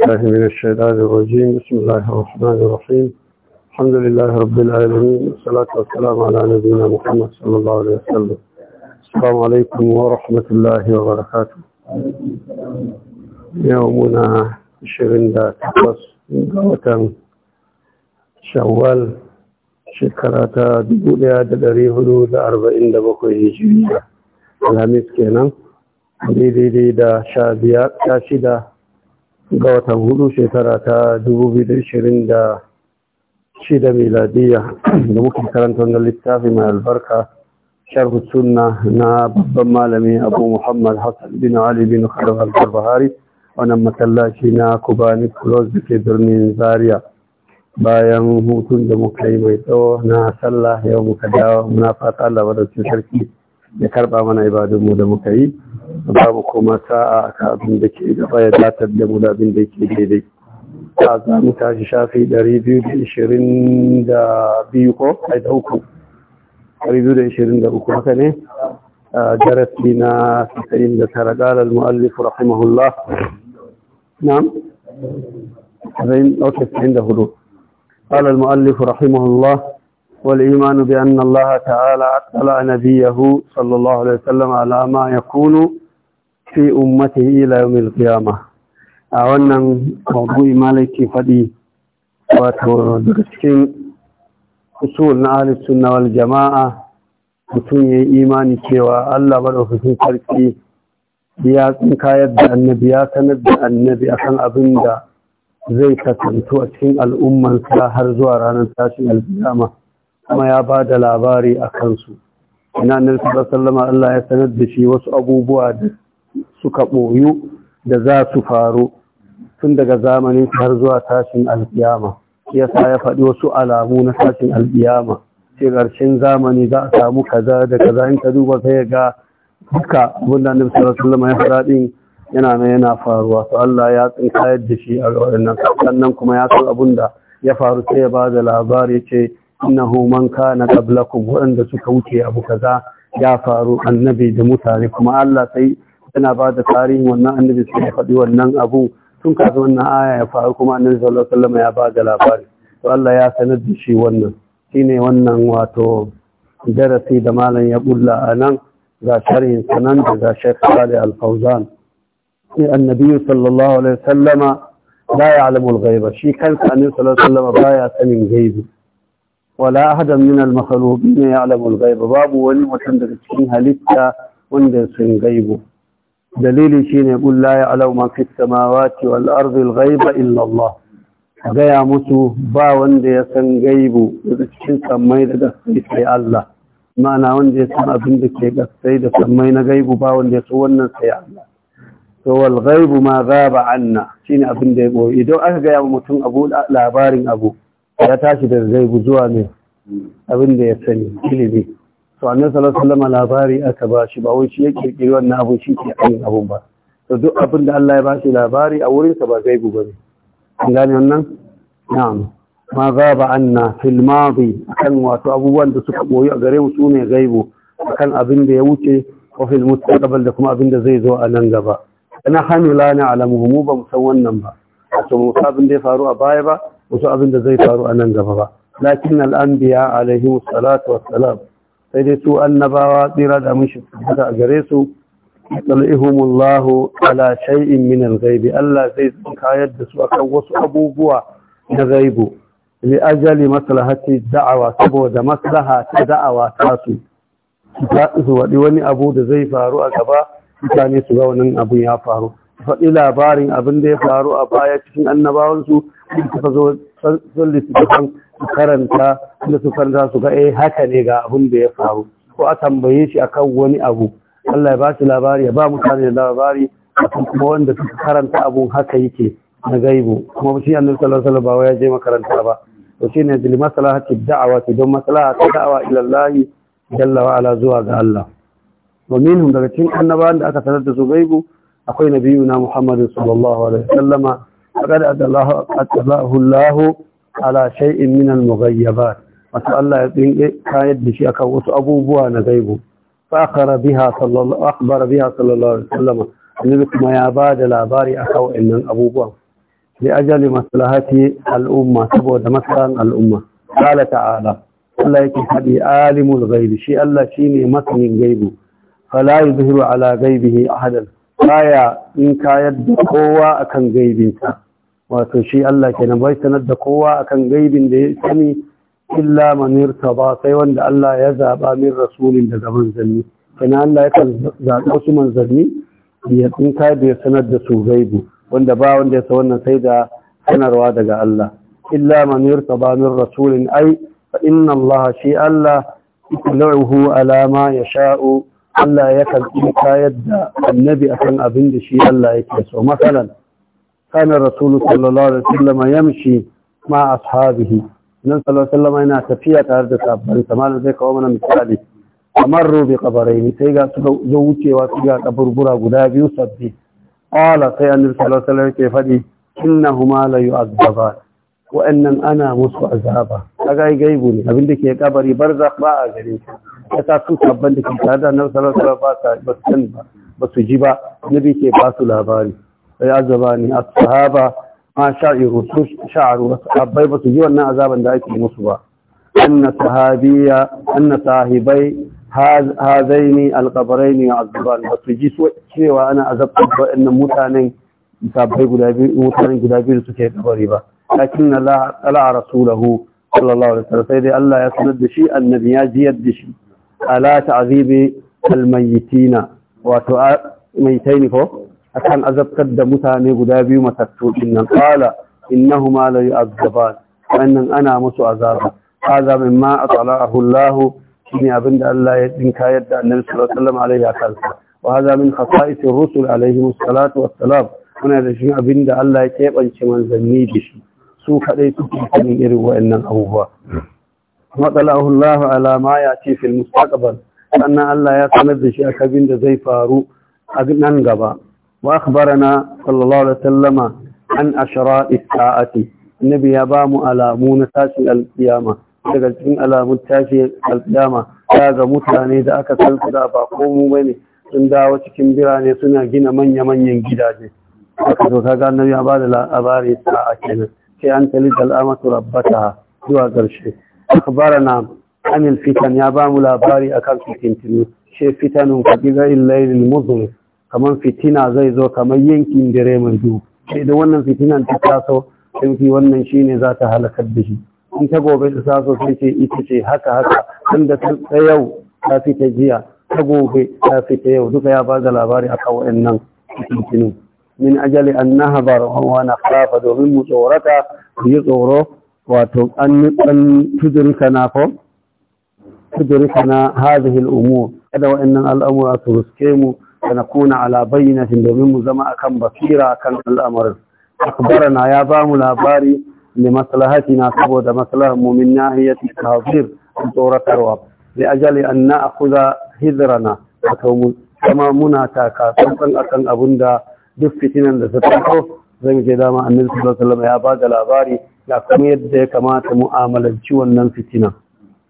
الله من الشيطان الرجيم بسم الله الرحمن الرحيم الحمد لله رب العالمين والصلاة والسلام على نبينا محمد صلى الله عليه وسلم السلام عليكم ورحمة الله وبركاته يومنا شرين دا تقص قوتا شوال شكراتا دبوليا دلري هدود أربعين دبقوا هجرية الهميس كينا دي دي دي دا شابيات شاشدة ga watan hudu shekara ta 2026 miladiya da muka karanta wannan littafi mai albarka sharhu sunna na babban malami abu muhammad hassan bin ali bin khalid al-barbahari wannan masallaci na kubani close da ke birnin zaria bayan hutun da muka yi mai tsawo na sallah yau muka dawo muna fata Allah cutar sarki ya karba mana ibadunmu da muka yi ba mu koma sa'a ka abin da ke gaba ya datar da mu da abin da ke daidai ta za mu tashi shafi 222 ko ai da uku 223 haka ne a darasi na sasayin da tara galar muallif rahimahullah na'am zai dauke 94 qala al muallif rahimahullah والإيمان بأن الله تعالى أطلع نبيه صلى الله عليه وسلم على ما يكون في أمته إلى يوم القيامة أولا موضوع مالك فدي وترسكين أصول أهل السنة والجماعة mutum ya yi imani cewa Allah maɗaukakin sarki ya tsinkayar da annabi ya sanar da annabi akan abin da zai kasantu a cikin al'ummansa har zuwa ranar tashin alfiyama kuma ya ba da labari a kansu ina nan sallama Allah ya sanar da shi wasu abubuwa da suka ɓoyu da za su faru tun daga zamanin har zuwa tashin alkiyama yasa ya faɗi wasu alamu na tashin alkiyama ce ƙarshen zamani za a samu kaza da kaza in ka duba sai ga duka abin da annabi sallallahu alaihi ya faɗa din yana nan yana faruwa to Allah ya tsinkayar da shi a wannan sannan kuma ya san abin da ya faru sai ya ba da labari ce innahu man kana qablakum wanda suka wuce abu kaza ya faru annabi da mutane kuma Allah sai yana ba da tarihin wannan annabi sai ya faɗi wannan abu tun kafin wannan aya ya faru kuma annabi sallallahu alaihi wasallam ya ba da labari to Allah ya sanar da shi wannan shine wannan wato darasi da malam ya bulla anan ga sharhin sanan da ga Sheikh Salih Al-Fawzan annabi sallallahu alaihi wasallama la ya'lamu al-ghaiba shi kansa annabi sallallahu alaihi wasallama baya sanin ghaibi wala ahadan min al-makhluqin ya'lamu al babu wani mutum daga cikin halitta wanda sun gaibu dalili shine qul la ya'lamu ma fis samawati wal ardi al-ghaiba gaya musu ba wanda ya san gaibu daga cikin sammai da gaskai sai Allah ma'ana wanda ya san abin da ke gaskai da sammai na gaibu ba wanda ya san wannan sai Allah to wal ghaibu ma ghaba anna shine abin da ya koyi? idan aka gaya mutum abu labarin abu ya tashi da zai zuwa ne abin da ya sani ilimi to annabi sallallahu alaihi wasallam labari aka ba shi ba wai shi ya kirkiri wannan abu shi ke ayin abun ba to duk abin da Allah ya ba shi labari a wurin sa ba gaibu bane an gane wannan na'am ma gaba anna fil madi akan wato abubuwan da suka boyi a gare mu su ne gaibu akan abin da ya wuce wa fil mustaqbal da kuma abin da zai zo a nan gaba ana hanula na alamu mu ba mu san wannan ba wato mu abin da ya faru a baya ba wasu abin da zai faru a nan gaba ba lakin al'ambiya alaihi salatu wassalam sai dai su annabawa tsira da mun shi a gare su tsalihumullahu ala shay'in min al-ghaibi Allah zai kayar da su akan wasu abubuwa na gaibu li ajali maslahati da'awa saboda maslaha ta da'awa ta su su wadi wani abu da zai faru a gaba mutane su ga wannan abu ya faru faɗi labarin abin da ya faru a baya cikin annabawansu in kuka zo sun littattafan karanta da su karanta su ga eh haka ne ga abun da ya faru ko a tambaye shi akan wani abu Allah ya ba shi labari ya ba mutane da labari akan kuma wanda suka karanta abun haka yake na gaibu kuma shi annabi sallallahu alaihi wasallam ba ya je makaranta ba to ne dil maslahati da'awa don maslaha ta da'awa ila Allah jalla wa ala zuwa ga Allah wa minhum daga cikin annabawan da aka sanar da su gaibu akwai nabiyuna Muhammad sallallahu alaihi wasallama faqad adallahu atalahu Allah ala shay'in min al wato Allah ya tsinke kayan da shi akan wasu abubuwa na gaibu fa akara biha sallallahu akhbara biha sallallahu alaihi wasallam annabi kuma ya ba da labari akan wa'annan abubuwan li ajali maslahati al-umma saboda maslahan al'umma. umma qala ta'ala Allah yake faɗi alimul gaibi shi Allah shine masanin gaibu fala yuzhiru ala gaibihi ahadan baya in kayar da kowa kan gaibinsa wato shi Allah kenan bai sanar da kowa akan gaibin da ya sani illa man ba, sai wanda Allah ya zaba min rasulin daga manzanni kana Allah ya zaɓi su manzanni ya tsinka da ya sanar da su gaibu wanda ba wanda ya sa wannan sai da sanarwa daga Allah illa man ba min rasulin ai fa inna Allah shi Allah yutluhu alama ya yasha'u Allah ya karɓi kayar da annabi akan abin da shi Allah yake so masalan kana rasulu sallallahu alaihi wasallam yamshi ma ashabihi nan sallallahu alaihi wasallam yana tafiya tare da sabbin samana zai kawo mana misali amarru bi qabrayn sai ga su zo wucewa su ga kaburbura guda biyu sabbi qala sai annabi sallallahu alaihi wasallam yake fadi innahuma la Wa wa'annan ana musu azaba kaga gaibu ne abin da ke kabari barzakh ba a gare ya sa sun sabban da ke tare da annabi sallallahu alaihi ba su sani ba su ji ba Na nabi ke ba su labari sai azabani a sahaba ma sha'iru su sha'aru abai ba su ji wannan azaban da ake musu ba anna sahabiya anna sahibai hazaini alqabraini azaban ba su ji cewa ana azabtar da wannan mutanen sabbai guda biyu mutanen guda biyu suke kabari ba lakin Allah ala rasulahu sallallahu alaihi wasallam sai dai Allah ya sanar da shi annabi ya jiyar da shi ala ta'zibi almayyitina wato maitaini ko akan azabtar da mutane guda biyu matattu dinnan qala innahuma la yu'azzaban wannan ana musu azaba hadha mimma atala'ahu Allah shine abinda Allah ya dinka yadda Annabi sallallahu alaihi wasallam alaihi akalsa wa hadha min khasa'is ar-rusul alaihi salatu wassalam muna da shi abinda Allah ya kebance manzanni da shi su kadai suke cikin irin waɗannan abubuwa matsalahu Allah ala ma ya ce fil mustaqbal sannan Allah ya sanar da shi akabin da zai faru a nan gaba wa akhbarana sallallahu alaihi wasallama an ashara isa'ati nabi ya ba mu alamu na tashin alkiyama daga cikin alamun tashi alkiyama ya ga mutane da aka san su da ba komu bane sun dawo cikin birane suna gina manya-manyan gidaje aka zo kaga nabi ya ba da labari sa'a kenan sai an da al'amatu rabbata zuwa ƙarshe barana عن fitan ya bamu labari akan فتنتين شيء فتن كبيرة الليل المظلم كمان kamar زي زو كمان ينكين دريما جو sai da wannan fitinan ta taso sai wannan shine za ta halakar da shi in ta gobe ta taso sai ce ita ce haka haka tunda ta yau ta fita jiya ta gobe ta fita yau duka ya bada labari akan wayannan fitinin min ajali an nahbar wa na domin mu tsorata yi tsoro wato an tudurika na ko tudurika na hazihil umur kada wa'annan al'amura su ruske mu da na kuna ala bayyanatin domin mu zama akan basira kan al'amarin akbarana ya ba mu labari ne na saboda maslahar mu min nahiyati tawfir tsoratarwa li ajali an na'khudha hidrana wato mu kama muna taka tsantsan akan abinda duk fitinan da ta taso zan je dama annabi sallallahu alaihi wasallam ya ba da labari ga kuma yadda ya kamata mu'amalanci wannan fitina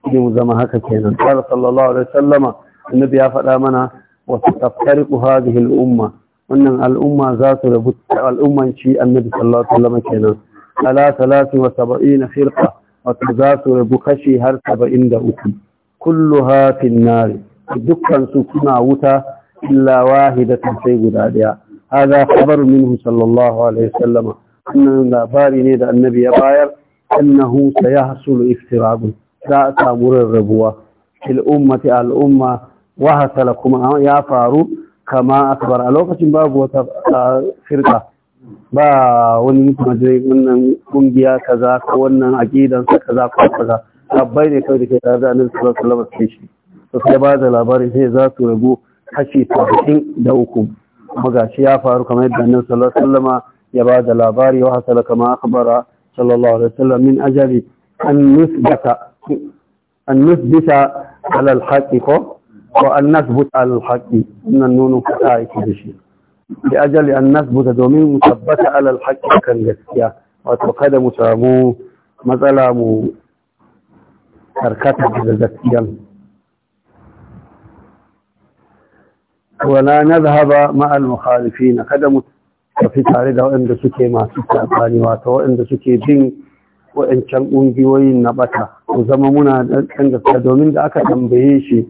mu zama haka kenan qala sallallahu alaihi wasallama annabi ya faɗa mana wa taftariqu hadhihi al-umma wannan al'umma za su rabu al'ummanci annabi sallallahu alaihi wasallama kenan ala 73 firqa wato za su rabu kashi har 73 kulluha fi an-nar dukkan su kuna wuta illa wahidatan sai guda daya hada khabaru minhu sallallahu alaihi wasallama annan labari ne da annabi ya bayar annahu sayahsulu iftiraqu za a samu rarrabuwa fil ummati al umma wa hasala kuma ya faru kama akbar a lokacin babu wata firka ba wani majalisar wannan kungiya kaza ko wannan aqidansa kaza ko kaza tabbai ne kai da ke tare da annabi sallallahu alaihi wasallam shi to sai ba da labari sai za su ragu kashi da uku. magashi ya faru kamar yadda annabi sallallahu alaihi wasallama يباد الاباري وحصل كما اخبر صلى الله عليه وسلم من اجل ان نثبت ان نثبت على الحق وان نثبت على الحق ان النون فتايك بشيء لاجل ان نثبت دومين مثبت على الحق كان جسيا وتقاد مسامو مثلاً حركات جسيا ولا نذهب مع المخالفين قدمت tafi tare da waɗanda suke masu saɓani wata waɗanda suke bin waɗancan ƙungiyoyin na ɓata ku zama muna ɗan gaske domin da aka tambaye shi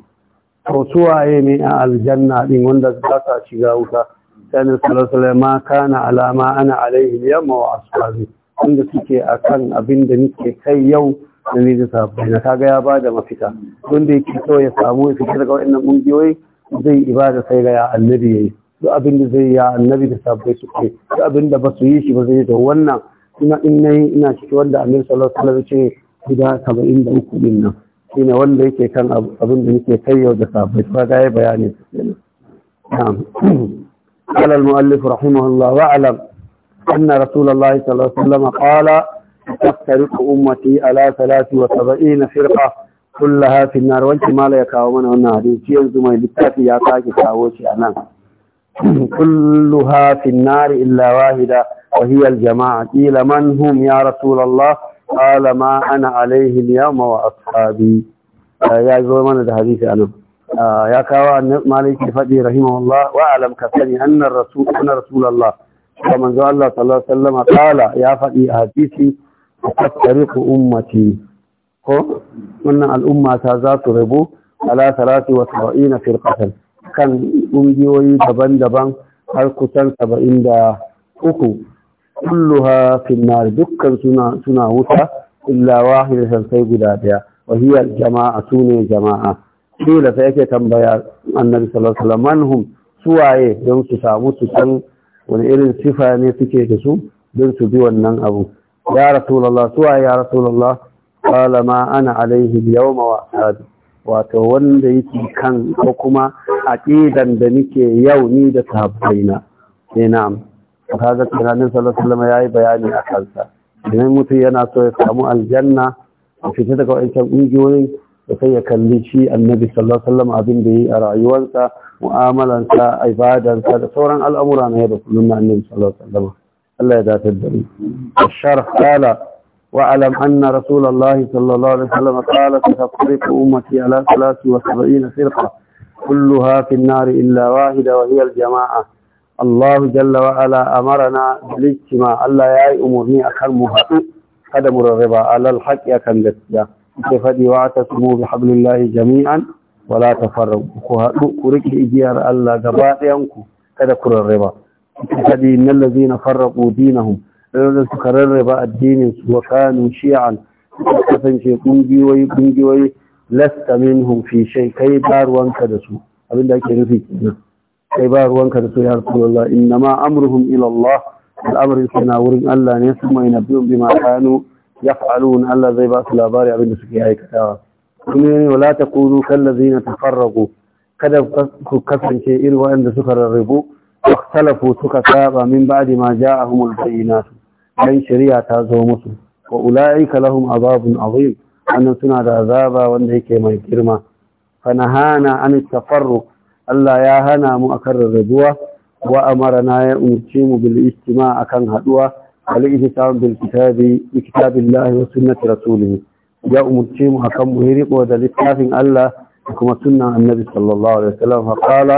to suwaye ne a aljanna ɗin wanda za su shiga wuta sanin salasalai ma kana alama ana alaihi yamma wa asuwazi wanda suke akan abin da nike kai yau da ne da sabbai na kaga ya ba da mafita wanda yake so ya samu ya fita daga waɗannan ƙungiyoyi zai ibada sai ga ya annabi yayi duk abin da zai ya annabi da sabbai su duk abin da ba su yi shi ba zai da wannan ina in nayi ina ciki wanda annabi sallallahu alaihi wasallam ya ce guda saba'in da uku din nan shine wanda yake kan abin da yake kai yau da sabbai ba ga yayi bayani na'am قال المؤلف رحمه الله واعلم أن رسول الله صلى الله عليه وسلم قال تفترق أمتي على 73 فرقة كلها في النار وانت ما لا يكاومن هنا هذه شيء زمي بالتاتي يا تاكي كاوشي كلها في النار إلا واحدة وهي الجماعة قيل من هم يا رسول الله قال ما أنا عليه اليوم وأصحابي يا زمان هذا حديث أنا يا كوا مالك فدي رحمه الله وأعلم كفني أن الرسول أن رسول الله ومن قال الله صلى الله عليه وسلم قال يا فدي حديثي تفترق أمتي من الأمة ذات ربو على ثلاث وسبعين في القتل kan ƙungiyoyi daban-daban har kusan saba'in da uku kulluha finnar dukkan suna wuta illa wahidatan sai guda daya wa hiya jama'a sune jama'a kila sai yake tambaya annabi sallallahu alaihi wasallam manhum suwaye don su samu su san wani irin sifa ne suke da su don su bi wannan abu ya rasulullah suwaye ya rasulullah qala ma ana alaihi yawma wa sadi. wato wanda yake kan ko kuma ƙidan da nake yau ni da sahabbaina ta ga tunanin sallallahu ya yi bayani a kansa idan mutum yana so ya samu aljanna a fita daga wancan ƙungiyoyin da sai ya kalli shi annabi sallallahu alaihi abin da yi a rayuwarsa mu'amalansa ibadansa da sauran al'amura na yau da kullum na annabi sallallahu alaihi Allah ya datar da واعلم أن رسول الله صلى الله عليه وسلم قال ستفترق أمتي على 73 فرقة كلها في النار إلا واحدة وهي الجماعة الله جل وعلا أمرنا بالاجتماع الله يا أمرني أكرمها قدم الرضا على الحق يا كندسيا فدي واعتصموا بحبل الله جميعا ولا تفرقوا كورك إجيار الله غباء ينكو كدكر الرضا فدي إن الذين فرقوا دينهم da suka rarraba addinin su wa kanu shi'an kasance ƙungiyoyi, ƙungiyoyi, lasta minhum fi shay kai ba ruwanka da su abinda ake nufi kenan kai ba ruwanka da su ya rasulullah inna ma amruhum ila Allah al'amarin suna wurin Allah ne su mai nabiyun bima kanu yaf'alun Allah zai ba su labari abinda suke aikatawa kuma ne wala taqulu kallazina tafarraqu kada ku kasance irin waɗanda suka rarrabu واختلفوا سكا كابا من بعد ما جاءهم البينات dan shari'a ta zo musu wa ulaika lahum azabun azim annan suna da azaba wanda yake mai girma fa nahana an tafarruq Allah ya hana mu akan rarrabuwa wa amarna ya umci mu bil istima akan haduwa wal ihtisam bil kitabi kitabillahi wa sunnati rasulihi ya umarci mu akan mu riko da littafin Allah da kuma sunnan annabi sallallahu alaihi wasallam fa qala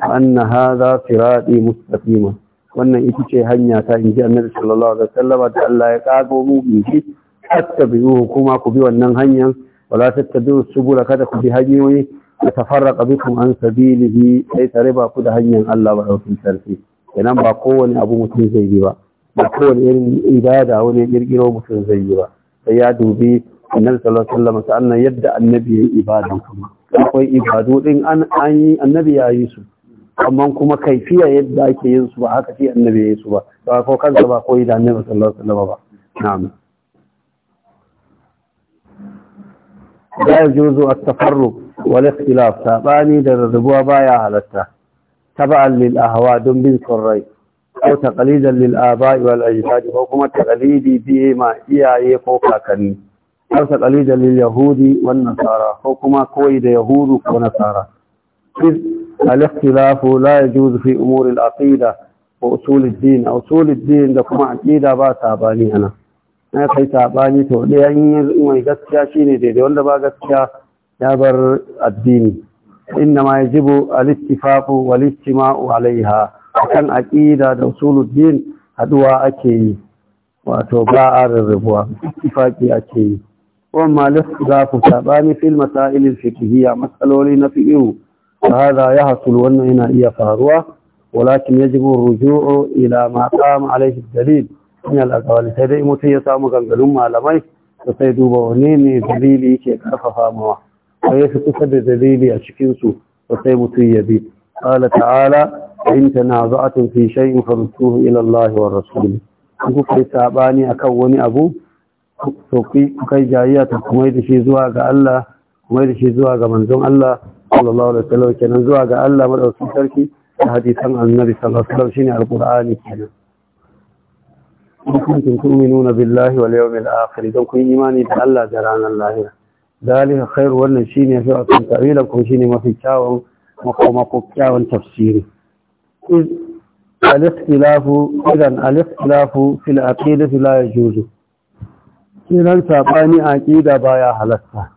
anna hadha sirati mustaqima wannan ita ce hanya ta inji annabi sallallahu alaihi wasallam da Allah ya kago mu bihi tattabi'uhu kuma ku bi wannan hanyar wala tattabi'u subula kada ku bi hanyoyi ta tafarraqa bikum an sabilihi sai tare ba ku da hanyar Allah ba daukin sarki kenan ba kowane abu mutum zai yi ba ba kowane irin ibada wani kirkiro mutum zai yi ba sai ya dubi annabi sallallahu alaihi wasallam sannan yadda annabi ya yi ibada kuma akwai ibadu din an yi annabi ya yi su amma kuma kaifiya yadda ake yin su ba haka shi annabi ya yi su ba ba ko kansa ba ko da annabi sallallahu alaihi ba na'am la ta at-tafarruq wal ikhtilaf sabani da rabuwa baya halatta tab'an lil ahwa dun bin surrai ko taqlidan lil aba'i wal ajdad ko kuma taqlidi biye ma iyaye ko kakanni ko taqlidan lil yahudi wan nasara ko kuma koyi da yahudu ko nasara إذ الاختلاف لا يجوز في أمور العقيدة وأصول الدين أصول الدين لكم عقيدة با تاباني أنا kai sabani to ɗaya yan yi mai gaskiya shine daidai wanda ba gaskiya ya bar addini inda ma yajibu al-ittifaqu wal ijtima'u alaiha kan aƙida da usuluddin haduwa ake yi wato ba a rarrabuwa ittifaqi ake yi wa ma lissafu sabani fil masail al-fiqhiyya masaloli na fiqh فهذا يحصل وأن هنا إيا فاروة ولكن يجب الرجوع إلى ما قام عليه الدليل من الأقوال سيدي متي يسامو كان قلوم علمي وسيدو بونيني دليلي كي كرفها موا ويسكت دليلي أشكينسو وسيدو يبي قال تعالى إن tanaza'atun في شيء farudduhu إلى الله والرسول rasul ku kai sabani akan wani abu to kai jayya ta kuma da shi zuwa ga Allah sallallahu alaihi wasallam kenan zuwa ga Allah madaukakin sarki da hadisan annabi sallallahu alaihi wasallam shine alqur'ani kenan kuntum tu'minuna billahi wal yawmil akhir dan kun imani da Allah da ranar lahira dalika khair wannan shine fi akan tawila ko shine mafi kyawun makoma ko kyawun tafsiri al-ikhtilafu idan al-ikhtilafu fil aqidati la yajuzu kiran sabani aqida baya halatta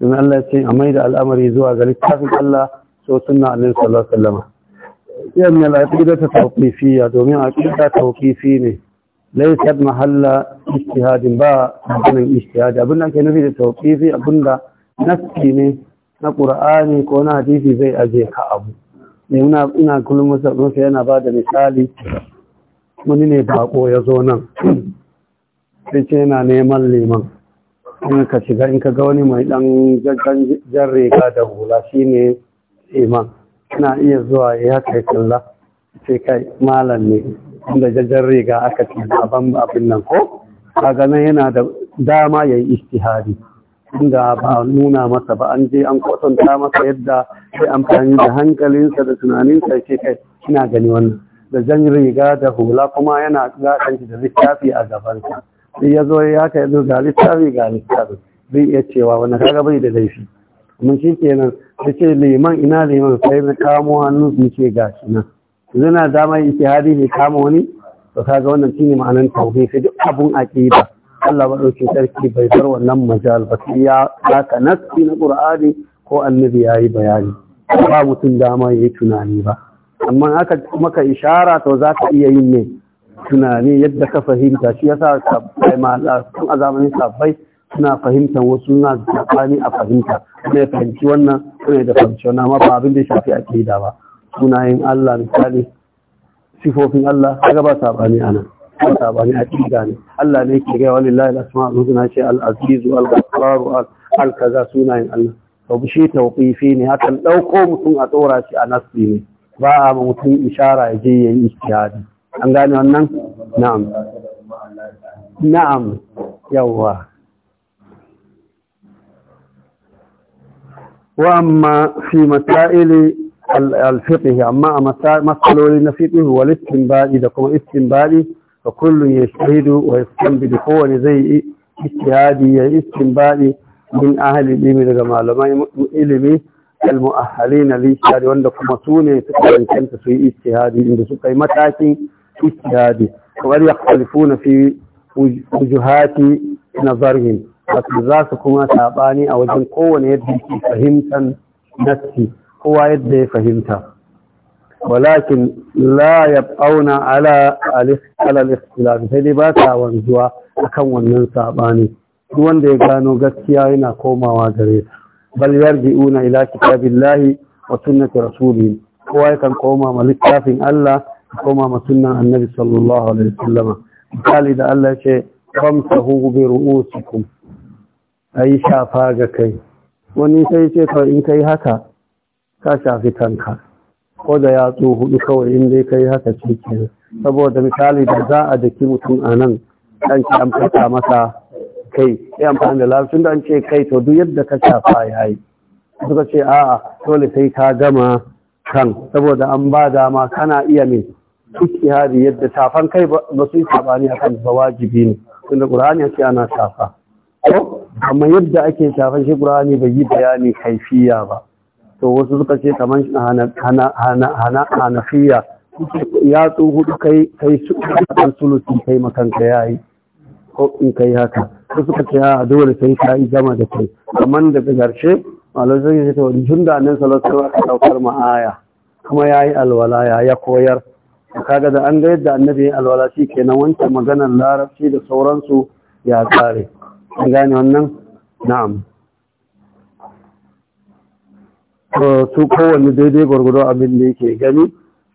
don Allah ya ce a mai da al'amari zuwa ga littafin Allah so sunna annabi sallallahu sallama iyan ya lafi gidan ta ta tawqifiyya domin a ta tawqifi ne Lai sad mahalla ijtihadin ba maganin ijtihad abin da ke nufi da tawqifi abinda da naski ne na qur'ani ko na hadisi zai aje ka abu ina ina kullum masa yana ba da misali wani ne bako ya zo nan sai ce yana neman liman in ka shiga in ka ga wani mai ɗan jan riga da hula shine iman. ina iya zuwa ya kai kalla sai kai malam ne inda jajen riga aka ce ban abin nan ko A nan yana da dama ya yi istihari inda ba nuna masa ba an je an kwatanta masa yadda sai amfani da hankalinsa da tunaninsa ce kai ina gani wannan da jan riga da hula kuma yana gasan da littafi a gabansa ya zo ya haka yanzu ga littafi ga littafi zai iya cewa wani kaga bai da laifi mun shi kenan ya ce liman ina liman sai na kamo hannu su ce ga shi nan zana dama ke hadi ne kama wani to kaga wannan ne ma'anar tauhid sai duk abun ba. Allah ba ɗauki sarki bai bar wannan majal ba sai ya haka nasi na ƙur'ani ko annabi ya yi bayani ba mutum dama ya yi tunani ba amma haka maka ishara to zaka iya yin ne tunani yadda ka fahimta shi yasa sabbai malaman a zamanin sabbai suna fahimtar wasu na tsakani a fahimta kuma ya fahimci wannan kuma da fahimci wannan amma ba abin da ya shafi akida ba sunayen Allah misali sifofin Allah kaga gaba sabani a anan ba sabani akida ne Allah ne ke gaya wallahi al-asma'ul husna ce al-aziz al-ghaffar al-kaza sunayen Allah to shi tawqifi ne hakan dauko mutum a tsora shi a nasbi ne ba a mutum ishara ya je yayi ijtihadi an gane wannan na'am na'am yawwa wa amma fi masaili al-fiqh amma masaloli na fiqh wal baɗi da kuma istinbadi fa kullu yashhadu wa bidi kowane zai istihadi ya istinbadi min ahli ilimi daga malamai ilimi al na li wanda kuma sune suka rancanta su yi istihadi inda suka yi matakin اجتهاده وقد يختلفون في وجهات نظرهم wato za su kuma saɓani a wajen kowane yadda ke fahimtar nassi kowa yadda ya fahimta walakin la ya auna ala al-ikhtilaf sai ba ta wanzuwa akan wannan saɓani duk wanda ya gano gaskiya yana komawa gare ta bal yarji'una ila kitabillahi wa sunnati rasulih kowa yakan koma ma littafin Allah kuma masunan annabi sallallahu alaihi sallama misali da Allah ce famsahu bi ru'usikum ayi shafa ga kai wani sai ce to in kai haka ka shafi kanka ko da yatsu hudu kawai in dai kai haka ce ke saboda misali da za a daki mutum a nan an ki an fata masa kai sai amfani da lafiyar da an ce kai to duk yadda ka shafa ya yi. suka ce a'a dole sai ka gama kan saboda an ba dama kana iya mai istihadi yadda tafan kai ba su yi sabani akan ba wajibi ne tunda ya ce ana tafa amma yadda ake tafan shi ƙur'ani bai yi bayani kaifiya ba to wasu suka ce kamar hanafiya ya tsohu kai kai su kan sulusi kai ya yayi ko in kai haka su suka ce a dole sai ka yi gama da kai amma daga ƙarshe malamai ya ce to tun da nan sallallahu alaihi aka daukar ma'aya kuma yayi alwala ya koyar da kaga da an ga yadda annabi ya alwala kenan wancan maganar larabci da sauransu ya tsare an gane wannan na'am to su kowanne daidai gwargwado abin da yake gani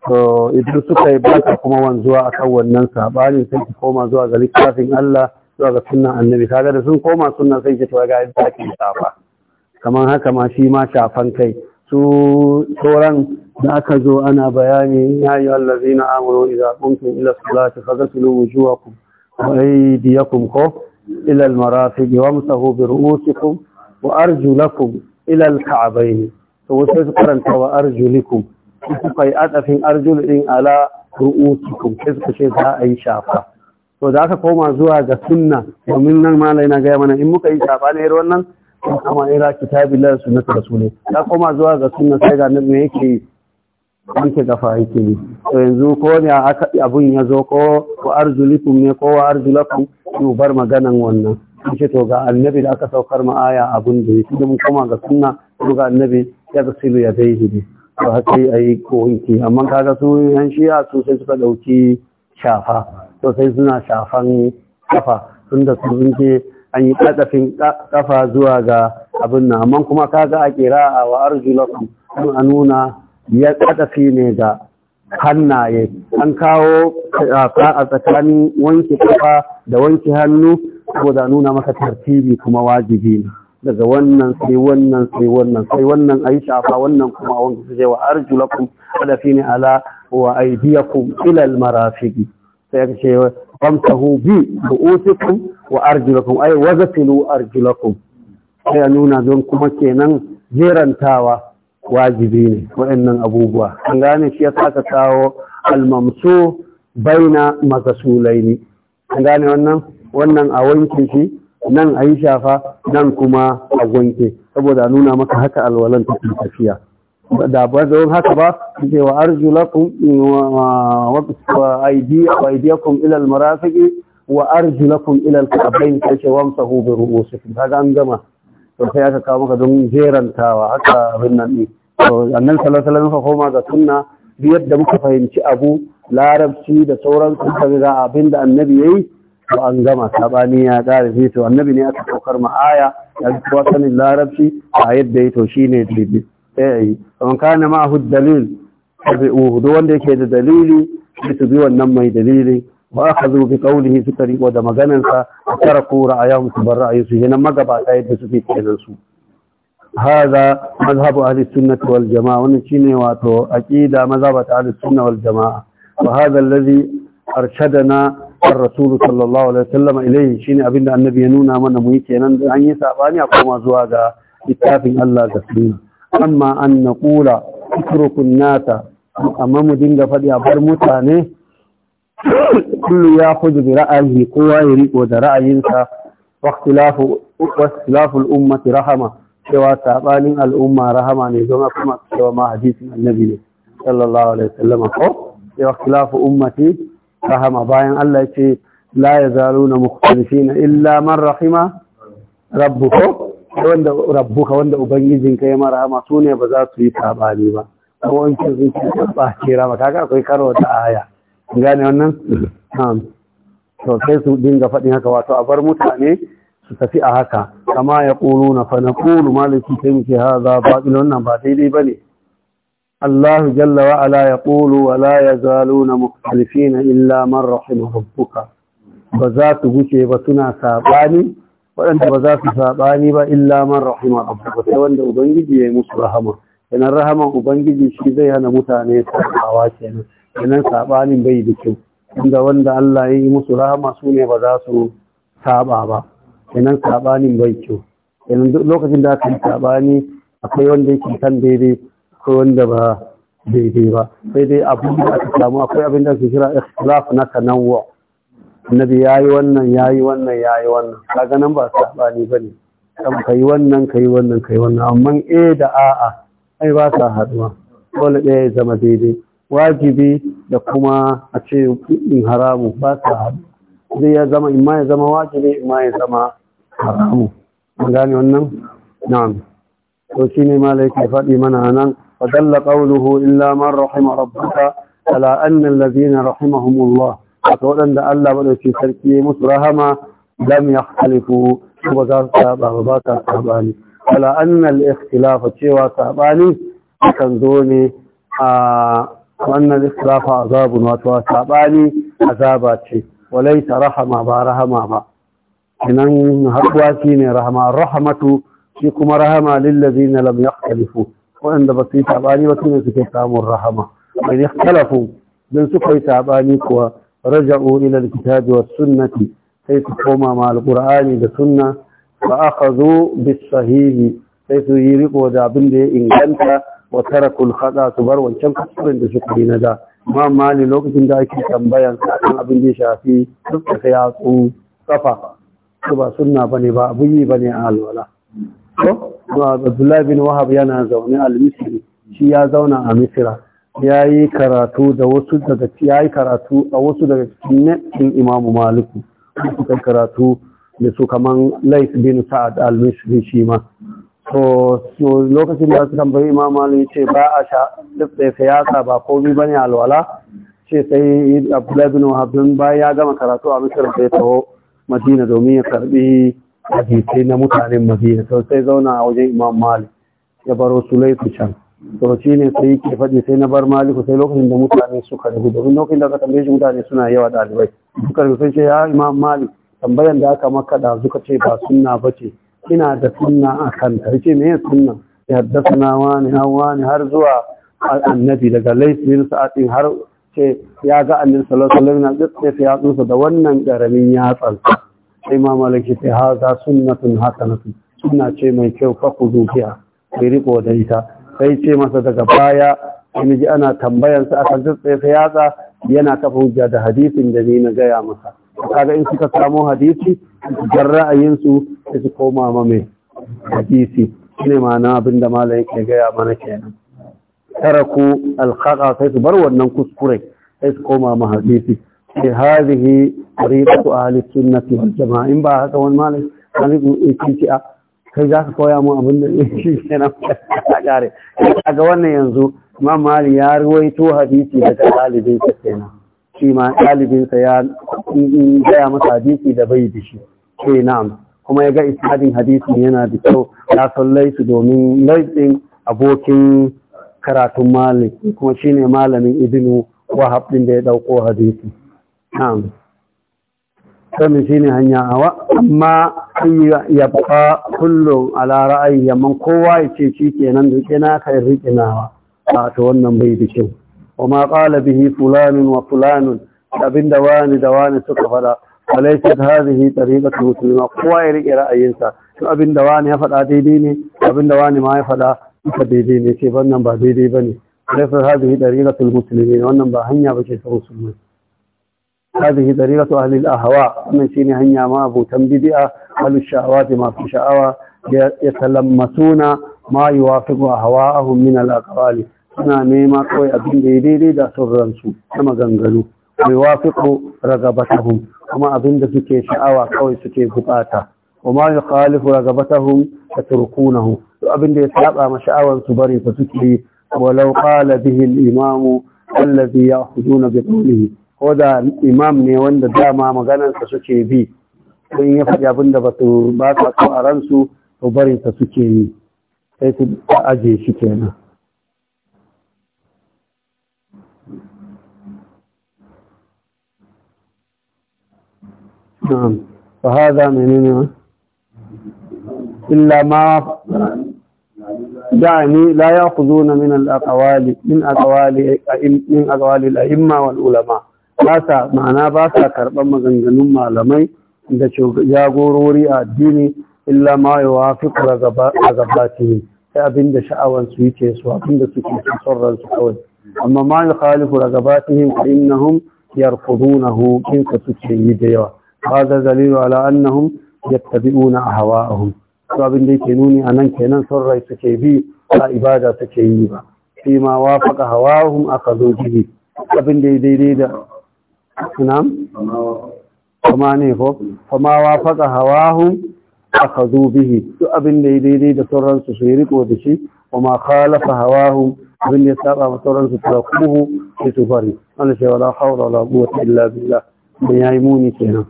to idan suka yi baka kuma wanzuwa akan wannan sabanin sai ki koma zuwa ga littafin Allah zuwa ga sunnan annabi kaga da sun koma sunnan sai ki ga yadda kamar haka ma shi ma shafan kai su sauran da aka zo ana bayani ya yi allazi na amuru idan kuntum ila salati fagasulu wujuhakum wa aydiyakum ko ila almarafiq wa amsahu bi ru'usikum wa arjulakum ila alka'bayn to wasu su karanta wa arjulikum kai adafin arjul din ala ru'usikum sai su ce za a yi shafa to da aka koma zuwa ga sunna domin nan ma na gaya mana in muka yi shafa ne wannan kuma ira kitabillah sunnatu rasulih ta koma zuwa ga sunna sai ga nan me yake wanke gafa yake ne to yanzu ko ne aka abun ya zo ko ko arzulikum ne ko arzulakum to bar maganan wannan kace to ga annabi da aka saukar ma aya abun da yake da mun koma ga sunna ko ga annabi ya ga silu ya dai ne to haka yi ayi ko yake amma kaga su yan shi'a su sai suka dauki shafa to sai suna shafan kafa tunda sun ce an yi kadafin kafa zuwa ga abin nan amma kuma kaga a kira a wa arzulakum an nuna ya tsadafi ne ga hannaye an kawo kafa a tsakanin wanke kafa da wanke hannu ko da nuna maka tartibi kuma wajibi ne daga wannan sai wannan sai wannan sai wannan ayi shafa wannan kuma wanke su je wa arjulakum hadafi ne ala wa aidiyakum ila almarafiqi sai ya ce famsahu bi bu'usikum wa arjulakum ay wazafilu arjulakum sai nuna don kuma kenan jerantawa wajibi ne waɗannan abubuwa an gane shi ya saka kawo almamsu baina makasulaini an gane wannan wannan a wanke shi nan a yi shafa nan kuma a wanke saboda a nuna maka haka alwalan ta tafiya da ba wani haka ba ce wa arjulakum wa aydiyakum ilal almarafiqi wa arjulakum ta ce wamsa wamsahu bi ru'usikum kaga an gama to aka kawo maka don jerantawa haka abin nan ne to annan salasala muka koma ga sunna duk yadda muka fahimci abu larabci da sauran sun ga abin da annabi yayi to an gama sabani ya kare sai to annabi ne aka saukar ma aya ya kuwa sanin larabci a yadda yi to shine dalili eh kana ma dalil wanda yake da dalili sai su bi wannan mai dalili wa akhadhu bi qawlihi suka riko da maganansa taraku ra'ayahum su bar ra'ayinsu yana magabata هذا مذهب أهل السنة والجماعة ونشيني واتو أكيدا مذهب أهل السنة والجماعة وهذا الذي أرشدنا الرسول صلى الله عليه وسلم إليه شيني أبن النبي ينونا من ميتين أن يسأباني أقوم أزواجا بكافي الله تسليم أما أن نقول اتركوا الناس أمام دين فدي أبر متاني kullu ya khudu bi ra'ayi kowa ya riko da ra'ayinsa wa ikhtilafu al rahama cewa sabanin al'umma rahama ne don kuma cewa ma hadisin annabi ne sallallahu alaihi wasallam ko ya ikhtilafu ummati rahama bayan Allah ya ce la yazaluna mukhtalifina illa man rahima rabbuka wanda rabbuka wanda ubangijinka ya Su sune ba za su yi sabani ba kuma in kin zuci ba kira ba kaga akwai karo da aya gane wannan mhm. to sai su dinga fadin haka wato a bar mutane su tafi a haka kama ya ƙoro na fa na ƙoro maliki sai muke haza baɗin wannan ba daidai ba ne Allah jalla wa ala ya ƙoro wa la ya zalu na mukhalifi na illa man rahima rabbuka ba za su guce ba suna saɓani waɗanda ba za su saɓani ba illa man rahima rabbuka sai wanda ubangiji ya yi musu rahama yanar rahaman ubangiji shi zai hana mutane su saɓawa kenan kenan sabanin bai da kyau inda wanda Allah ya yi musu rahama su ne ba za su saba ba kenan sabanin bai kyau kenan duk lokacin da aka yi sabani akwai wanda yake san daidai akwai wanda ba daidai ba sai dai abu da aka samu akwai abin da ake kira ikhtilaf na tanawwu annabi yayi wannan yayi wannan yayi wannan kaga nan ba sabani bane kan kai wannan kai wannan kai wannan amma eh da a'a ai ba sa haduwa dole ɗaya ya zama daidai wajibi da kuma a ce in haramu ba sa haɗu zai ya zama imma ya zama wajibi imma ya zama haramu an gane wannan na'am to shi ne malai ke faɗi mana a nan fa dalla qawluhu illa man rahima rabbuka ala anna allazina rahimahumullah wato waɗanda Allah madauki sarki ya musu rahama lam yakhtalifu ba za su saba ba ba ta sabani ala anna al-ikhtilafa cewa sabani kan zo ne a wannan israfa azabun wato sabani azaba ce walaita rahama ba rahama ba kinan haɗuwa shi ne rahama rahamatu shi kuma rahama lillazi na lam yaktalifu waɗanda ba su yi sabani ba su ne suke samun rahama mai yaktalafu don su kai saɓani kuwa raja'u ila alkitabi was sunnati sai su koma ma alqur'ani da sunna fa akhadhu bis sahihi sai su yi riko da abin da ya inganta wata tarakul hada su bar wancan kuskuren da suka yi na da amma mali lokacin da ake tambayan kan abin da ya shafi suka yatsu kafa su ba sunna bane ba abin yi bane a alwala ko Abdullahi bin Wahab yana zaune al Misri shi ya zauna a Misira ya yi karatu da wasu daga ya yi karatu a wasu daga cikin Imam Malik suka karatu da su kaman Lais bin Sa'ad al Misri shi ma to lokacin da suka bari imam ya ce ba a sha da siyasa ba komai bane alwala ce sai Abdullahi bin bayan ya gama karatu a da sai taho Madina domin ya karbi hadisai na mutanen Madina sau sai zauna a wajen Imam mali, ya baro laifin can to shi ne sai yake faɗi sai na bar Maliku sai lokacin da mutane suka rubu domin lokacin da aka tambaye shi mutane suna yawa ɗalibai suka rubu sai ce ya Imam mali tambayan da aka maka da suka ce ba suna ba ce ina da sunna a kanta yace me ya sunna ya haddasa wani wani har zuwa annabi daga laifin sa'adin har ce ya ga annin sallallahu na tsitse ya da wannan karamin yatsan sai ma malaki ta haka na su suna ce mai kyau fa ku biha riko da ita sai ce masa daga baya miji ana tambayansa akan tsitse yatsa yana kafa hujja da hadisin da ni na gaya masa kaga in suka samo hadisi dan ra'ayinsu sai su koma ma mai hadisi shine ma'ana abin da malai yake gaya mana kenan taraku alkhaka sai su bar wannan kuskure sai su koma ma hadisi sai hadihi tariqatu ahli sunnati wal jamaa in ba haka wani malai malai yake ci a kai za ka koya mu abin da shi kenan a kare kaga wannan yanzu imam mali ya ruwaito hadisi daga talibin sa kenan shi ma ɗalibinsa ya gaya masa hadisi da bai da shi Ke eh, na'am kuma ya ga isnadin hadisi yana da kyau ya san laifi domin laifin abokin karatun malik kuma shine malamin ibnu wahab din da ya ɗauko hadisi na'am sannan shine hanya hawa amma ya fa kullum ala ra'ayi yamman kowa ya ce shi kenan duke na kai riƙinawa a to wannan bai da kyau وما قال به فلان وفلان ابن دوان دوان سكفرا وليست هذه طريقة المسلمين قوائر إلى أي إنسان ابن دوان يفضى ديني ابن دوان ما يفضى يفضي ديني كيف أنهم بادي بني ليست هذه طريقة المسلمين وأنهم بهنيا بشيء رسولين هذه طريقة أهل الأهواء من شين هنيا ما أبو تمديد أهل الشهوات ما في شهوة يتلمسون ما يوافق أهواءهم من الأقوال suna nema kawai abin da ya daidai da sauransu na maganganu mai wafiƙo ragabatahum kuma abin da suke sha'awa kawai suke bukata kuma ya khalifu ragabatahum da turkunahu to abin da ya saba ma sha'awan su bari fa suke yi, walau qala bihi al-imam alladhi ya'khuduna bi qawlihi ko da imam ne wanda dama maganarsa suke bi in ya faɗi abin da ba su ba su a ransu to barinsa suke yi sai su aje shi kenan na'am fa hadha menene illa ma يعني لا يأخذون من الأقوال من أقوال من أقوال الأئمة والعلماء باسا معنا باسا كربان مغنغنون معلمي da jagorori a addini illa ma ya wafiq ragabatihi sai da sha'awan su yake su da suke son ransu kawai amma ma ya khalifu ragabatihim fa innahum yarfudunahu in ka suke yi da yawa هذا دليل على أنهم يتبعون أهواءهم abin da yake nuni a nan kenan son rai suke bi a ibada suke yi ba fi ma wafaka hawahum aka zo jibi abin da ya daidai da nam kuma ne ko kuma wafaka hawahum aka zo bihi duk abin da ya da sauran su su riko da shi kuma khalafa hawahum abin da ya saka ma sauran su tarakuhu sai su bari Allah shi wala hawla wala quwwata illa billah dan yayi muni kenan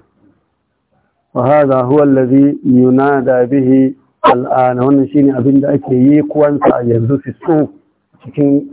وهذا هو الذي ينادى به الآن wannan shine abin da ake yi kuwansa yanzu fi cikin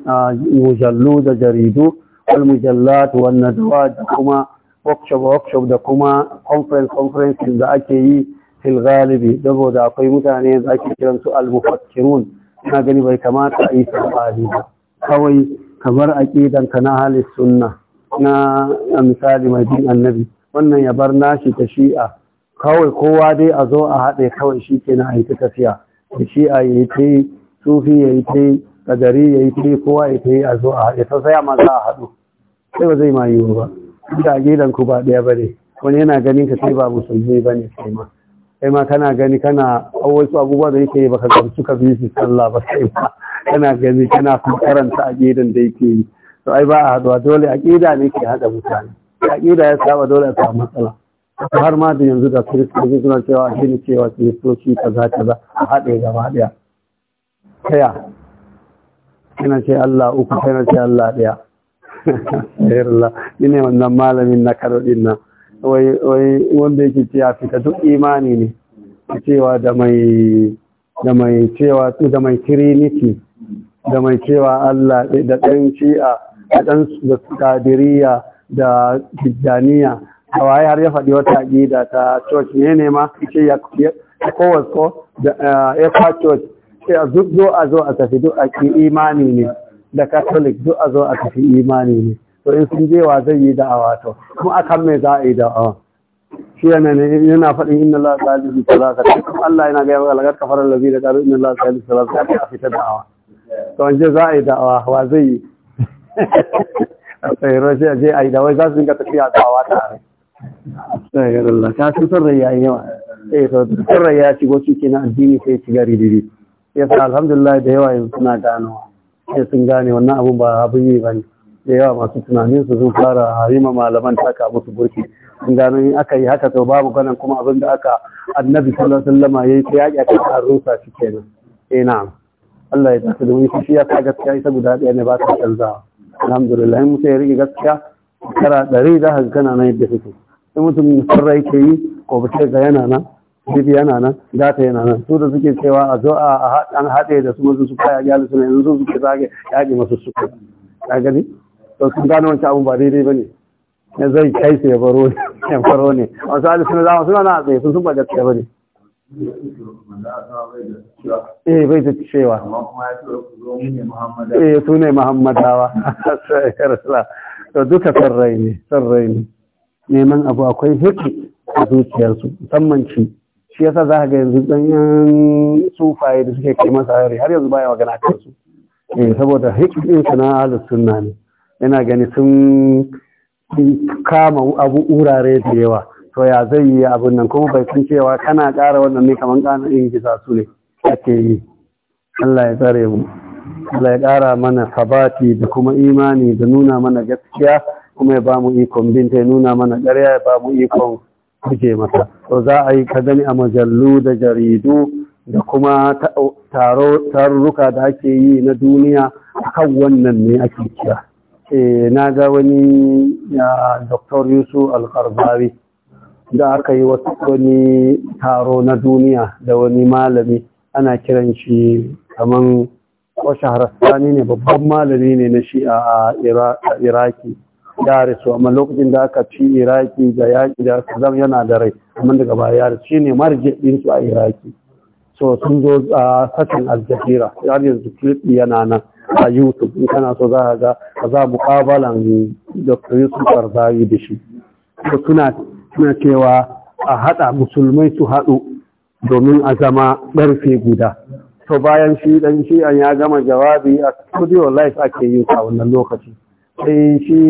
mujallu da jaridu al mujallat wan nadwa da kuma workshop da kuma conference conference da ake yi fil galibi saboda akwai mutane da ake kiran su al mufakkirun na gani bai kamata a yi sabani ba kawai kamar aqidan ka na halis sunna na misali mai bin annabi wannan ya bar nashi ta shi'a kawai kowa dai a zo a haɗe kawai shi ke na aiki tafiya da shi a yi ta yi sufi ya yi ta yi kadari ya yi ta yi kowa ya ta yi a zo a haɗe ta saya ma za a haɗu sai ba zai ma yi ba inda gidan ku ba ɗaya ba ne wani yana ganin ka sai ba musulmi ba ne sai ma sai ma kana gani kana wasu abubuwa da yake yi ka gamsu ka bi su sallah ba sai ma kana gani kana kuma karanta a gidan da yake yi to ai ba a haɗuwa dole aƙida ne ke haɗa mutane aƙida ya saba dole a samu matsala har ma da yanzu da kiristoci suna cewa shi ne cewa kiristoci kaza kaza a haɗe gaba ɗaya ɗaya yana ce Allah uku yana ce Allah ɗaya ayyarla ne wannan malamin na karoɗin nan wai wanda yake cewa fita duk imani ne cewa da mai da mai cewa da mai trinity da mai cewa Allah da ɗan shi'a da ɗan da kadiriya da tijjaniya hawaye har ya faɗi wata aƙida ta church ne ne ma ke ya kowasko da efa eh, church sai a duk zo a zo a tafi duk a ki imani ne da catholic duk a zo a tafi imani ne to in sun je wa zai yi a wato kuma kan mai za a yi da shi yana ne yana faɗin inna Allah salihu salasa kuma Allah yana gaya yawa lagar kafarar labi da karu inna salihu ta a fita da'awa to an je za a yi da'awa wa zai yi a tsayiro shi a je a yi da'awa za su dinga tafiya da'awa tare tsayar eh, Allah rai yawa eh, ya shigo ciki na addini sai shiga rididi ya sa alhamdulillah da yawa yanzu suna gano sai eh, sun gane wannan abun ba abun yi bane da yawa masu tunanin su sun fara harima malaman taka musu burki sun gano in aka yi haka to babu ganin kuma abin da aka annabi sallallahu alaihi wasallam yayi ta yaki aka karusa shi kenan eh na'am Allah ya tafi da wani shi ya sa gaskiya ita guda ɗaya ne ba ta canzawa alhamdulillah in mutum ya rike gaskiya kara ɗari za ka gana na yadda suke sai mutum sarra ke yi ko ba ga yana nan bibi yana nan data yana nan su da suke cewa a zo a an haɗe da su mazu su kaya gyara suna yanzu suke zage yaƙi masu su ka gani to sun gano wancan abu ba daidai ba ne ya zai kai su ya baro ne wasu hali suna zama suna na tsaye sun sun ba gaskiya ba ne eh bai da cewa eh su ne muhammadawa to duka sarrai ne sarrai ne neman abu akwai hikki a zuciyarsu musamman shi shi yasa za ka ga yanzu ɗanyen sufaye da suke kai masa hari har yanzu baya magana kan su eh saboda hikkinsa na ahlus sunna ne yana gani sun kama abu urare da yawa to ya zai yi abin nan kuma bai san cewa kana ƙara wannan ne kamar ƙana yin gisa su ne ake yi Allah ya tsare mu Allah ya ƙara mana sabati da kuma imani da nuna mana gaskiya kuma ya ba mu ikon binta ya nuna mana ƙarya ya ba mu ikon kuje masa to za a yi ka gani a majallu da jaridu da kuma tarurruka da ake yi na duniya Kan wannan ne ake kira eh, na ga wani dr yusuf alkarbari da aka yi wani taro na duniya da wani malami ana kiran shi kamar ko shahararsa ne babban malami ne na shi a iraki ya rasu amma lokacin da aka ci iraki da yaƙi da saddam yana da rai amma daga baya ya rasu shine marje din su a iraki so sun zo a sashen Aljahira, har yanzu clip yana nan a youtube in kana so za ka ga za muƙabalan dr yusuf barzawi da shi so suna suna cewa a haɗa musulmai su haɗu domin a zama guda to bayan shi shi shi'an ya gama jawabi a studio live ake yi a wannan lokaci sai shi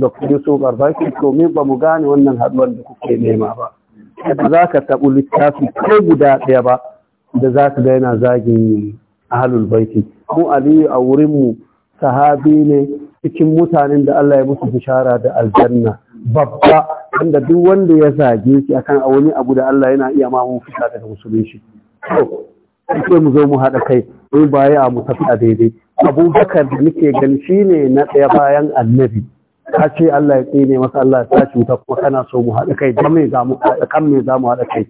da kudi so shi domin ba mu gane wannan haduwar da kuke nema ba da za ka taɓu littafi ko guda ɗaya ba da za ka yana zagin ahalul baiti mu aliyu a wurinmu sahabi ne cikin mutanen da Allah ya musu bishara da aljanna babba wanda duk wanda ya zage shi akan wani abu da Allah yana iya mamu fita daga musulunci to sai mu zo mu haɗa kai mu baya mu tafi a daidai abubakar da muke gani shi ne na ɗaya bayan annabi ka ce Allah ya tsine masa Allah ya tashi wuta kuma kana so mu haɗa kai da mai za mu kan mai za mu haɗa kai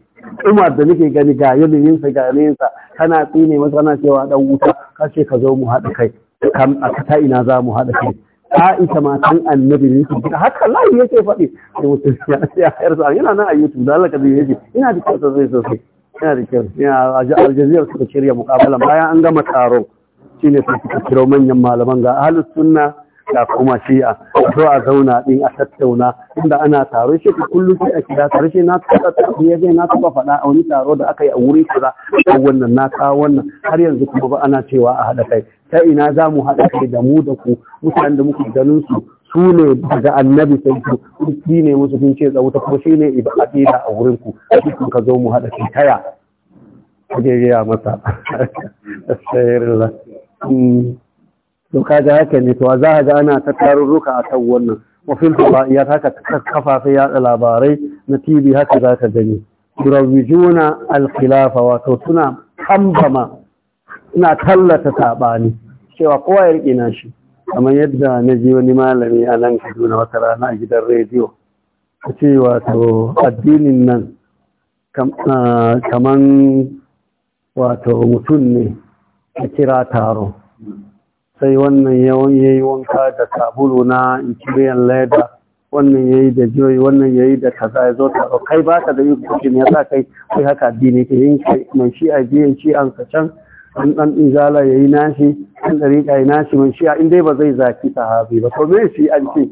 Umar da muke gani ga yanayin sa ga yanayin sa kana tsine masa kana cewa dan wuta ka ce ka zo mu haɗa kai kan a kata ina za mu haɗa kai Aisha matan annabi ne su da haka Allah yake faɗi sai mutum ya yar sa yana nan a YouTube da Allah ka zai yake ina da kyau sosai sosai ina da kyau ina a Aljazeera suka shirya muƙabala bayan an gama taron shine sun suka kiro manyan malaman ga ahalus sunna da kuma shi'a to a zauna din a tattauna inda ana taro shi kullum sai a kira taro shi na taba ya zai na faɗa a wani taro da aka yi a wuri kaza ko wannan na kawo wannan har yanzu kuma ba ana cewa a haɗa kai ta ina za mu haɗa kai da mu da ku mutanen da muke ganin su su ne daga annabi sai ku shi ne musu sun ce tsawuta kuma shi ne ibadila a wurin ku kun ka zo mu haɗa kai taya kuje ya masa astaghfirullah Eh, to da haka ne to za a ga ana ta tarurruka a kan wannan wafin ya haka kafafe yaɗa labarai na tv haka za ka gani yurawwijuna alkhilafa wato suna kambama suna tallata saɓani cewa kowa ya riƙe na shi kamar yadda na ji wani malami a nan kaduna wata rana a gidan rediyo ta ce wato addinin nan ah, kaman wato mutum ne a kira taro sai wannan yawan yi wanka da sabulu na ikiriyan leda wannan ya yi da joyi wannan ya yi da kaza ya zo taro kai ka da yukuki me sa kai kai haka addini ke yin kai mai shi a biyan shi an ka can an dan izala yi nashi an ka yi nashi mai shi in dai ba zai zaki sahabi ba to me shi an ce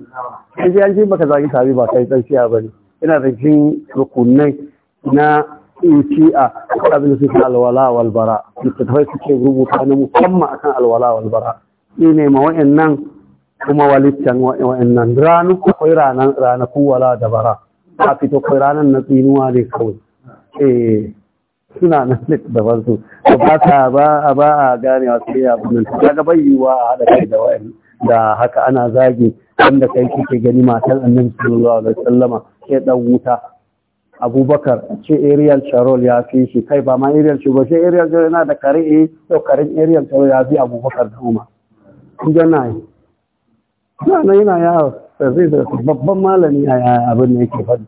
shi an ce baka zaki sahabi ba kai dan ba bane ina da jin rukunai na shi'a akwai abin da suke alwala wal bara littattafai suke rubuta na musamman akan alwala wal bara ni ne ma wa'annan kuma walittan wa'annan ranu akwai ranan ranaku wala da bara ta fito kai ranan na tsinuwa ne kawai eh suna nan littattafan su ba ta ba ba a ganewa sai ya bunan ta ga bayyuwa a haɗa kai da wa'annan da haka ana zagi wanda kai kike gani matan annabi sallallahu alaihi wasallama ke dan wuta abubakar ce ariel charol ya fi shi kai ba ma ariel shi ba sai ariel charol yana da kare eh to karen ariel ya fi abubakar da umar kun ga nayi na na yana ya zai da babban malami a abin da yake faɗi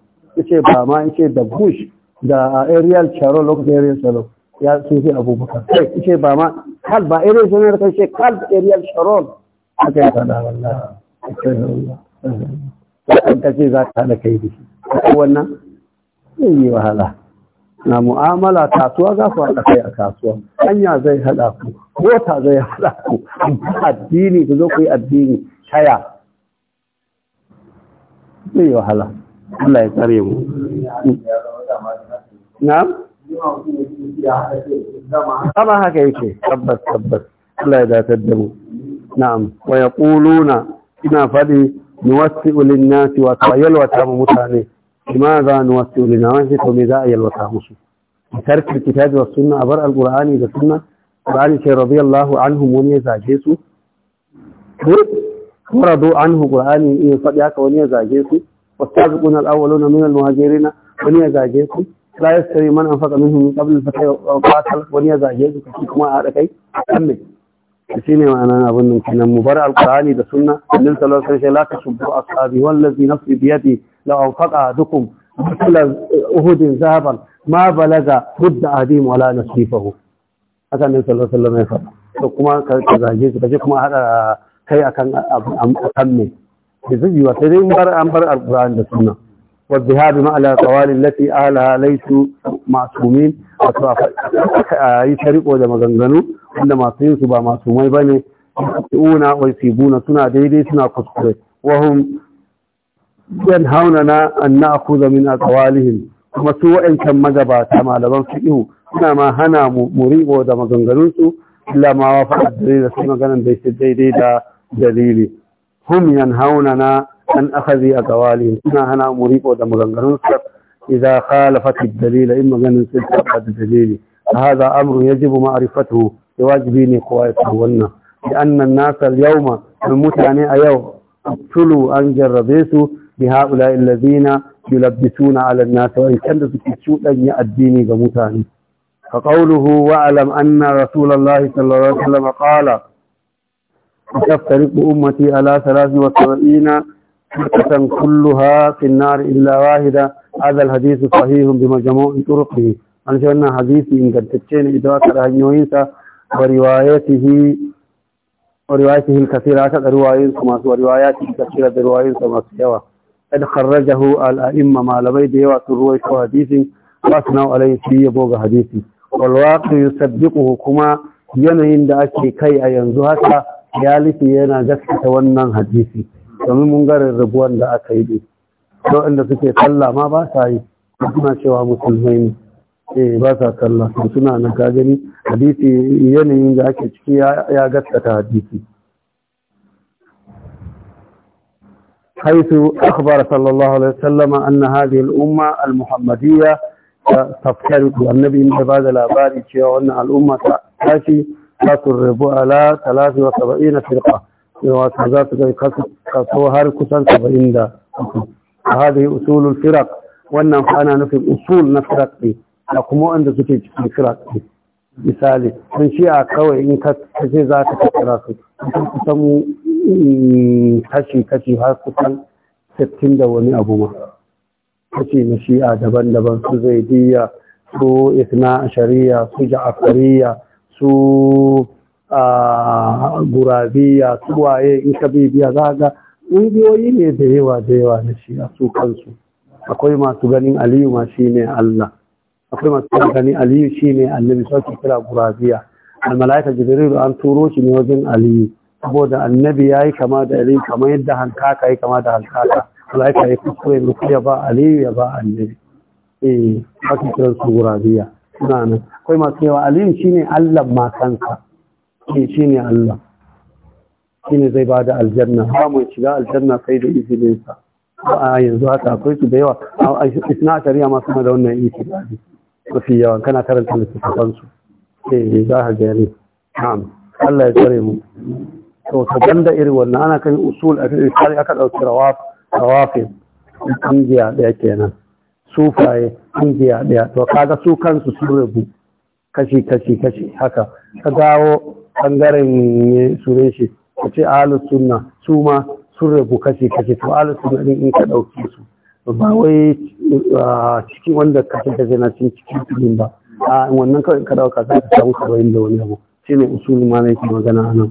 ce ba ma ce da bush da ariel charol lokacin ariel charol ya fi fi abubakar kai ce ba ma kal ba ariel sharol kai ce kal ariel charol haka ya faɗa wallahi kace za ka haɗa kai da shi wannan zai yi wahala na mu'amala kasuwa za ku haɗa kai a kasuwa hanya zai haɗa ku mota zai haɗa ku addini ku zo ku yi addini taya zai yi wahala Allah ya tsare mu na'am kama haka yake tabbas tabbas Allah ya datar da mu na'am wa yaquluna ina faɗi nuwassi'u lin-nasi wa tawayyalu wa tamu mutane limaza nuwassiu lin nawasi to me za a yalwata musu tarkil kitabi was sunna abar alqur'ani da sunna qur'ani ce radiyallahu anhum wani ya zage su muradu anhu qur'ani in faɗi haka wani ya zage su wasabiquna alawwaluna min almuhajirina wani ya zage su la yastawi man anfaqa minhum min qabl al wa qatal wani ya zage kuma a haɗa kai amin shi ne ma'anan abin nan kenan mu bar alqur'ani da sunna annabi sallallahu alaihi wasallam la tashubbu ashabi wallazi nafsi bi yadi law anfaqa ahadukum mithla uhudin zahaban ma balaga hudda adim wala nasifahu haka annabi sallallahu alaihi wasallam ya faɗa to kuma ka zage su kaje kuma hada kai akan akan zai yi wa sai dai an bar alqur'ani da sunna والذهاب مع الأقوال التي أهلها ليسوا معصومين يشرق وده مغنغنو عند معصومين سبا معصومين بني يخطئون ويسيبون سنا ديدي سنا قصقرة وهم ينهوننا أن نأخذ من أقوالهم kuma سوء wa'ancan كان malaman fiƙihu لبن ma hana هنا مريب da مغنغنو illa ma wa faɗa da su maganan da shi daidai da dalili hum an akhazi a gawali suna hana mu riƙo da maganganun su idza khalafat ad in maganin su ta dalili. dalil hadha amru yajibu ma'rifatuhu ya wajibi ne kowa ya san wannan bi anna an-nas al-yawma a yau tulu an jarrabe su bi haula alladhina yulabbisuna ala an-nas wa in kanta suke cudanya addini ga mutane فقوله واعلم ان رسول الله صلى الله عليه وسلم قال تفترق امتي على 73 فرقة كلها في النار إلا واحدة هذا الحديث صحيح بمجموع طرقه an shi wannan hadisi ingantacce ne idan aka hanyoyinsa wa riwayatihi wa riwayatihi al-kathira ta riwayoyinsa masu riwayati al-kathira da riwayoyinsa masu yawa kad kharrajahu al-a'imma malamai da yawa sun ruwaito hadisin wa sunau alayhi shi ya boga hadisi wal waqi yusabbiquhu kuma yanayin da ake kai a yanzu haka ya lifi yana gaskata wannan hadisi domin mungarin rabuwan da aka yi to inda suke talla ma ba sa yi suna cewa musulmai ne eh ba sa talla su suna nan hadisi yanayin da ake ciki ya gaskata hadisi haisu akhbar sallallahu alaihi anna hadhihi al-umma al-muhammadiyya tafkaru annabi in da labari cewa wannan al'umma ta ta Ala, ta turbu ala 73 firka wato za su kai kaso har kusan saba'in da a hadari usulul firak wannan ana nufin usul na firak ne da kuma wanda suke cikin firak ne misali sun shi'a kawai in ka ce za ka tattara su sun kusan kashi-kashi mm, har kusan sittin da wani abu ma kashi na shi'a daban-daban su zaidiya, su isna shari'a su ja'afariya su Gurabi ya suwaye in ka bibiya za ga ƙungiyoyi ne da yawa da yawa na shi a su kansu akwai masu ganin aliyu ma shi ne Allah akwai masu ganin aliyu shi ne annabi ke kira gurabiya almalaika jibrilu an turo shi ne wajen aliyu saboda annabi ya yi kama da aliyu kamar yadda hankaka ya kama da hankaka malaika ya kuskure muku ya ba aliyu ya ba annabi eh haka kiran su gurabiya suna nan akwai masu yawa aliyu shi ne Allah ma ne shi ne Allah shi ne zai ba da aljanna ba mu shiga aljanna sai da izininsa ba a yanzu haka akwai su da yawa a isna shari'a ma suna da wannan itibari mafi yawa kana karanta littattafan su eh za ka gani Allah ya tsare mu to saban da irin wannan ana kan usul a cikin aka dauki rawaf rawafin kungiya daya kenan sufaye kungiya daya to kaga su kansu su rubu kashi kashi kashi haka ka dawo ne sure shi ka ce ahlus sunna su ma sun rabu kashe kashe to ahlus sunna din in ka ɗauki su ba wai cikin wanda ka ta kashe na cikin cikin ba a wannan kawai ka ɗauka. za ka samu sabayin da wani abu shi ne usulun yake magana anan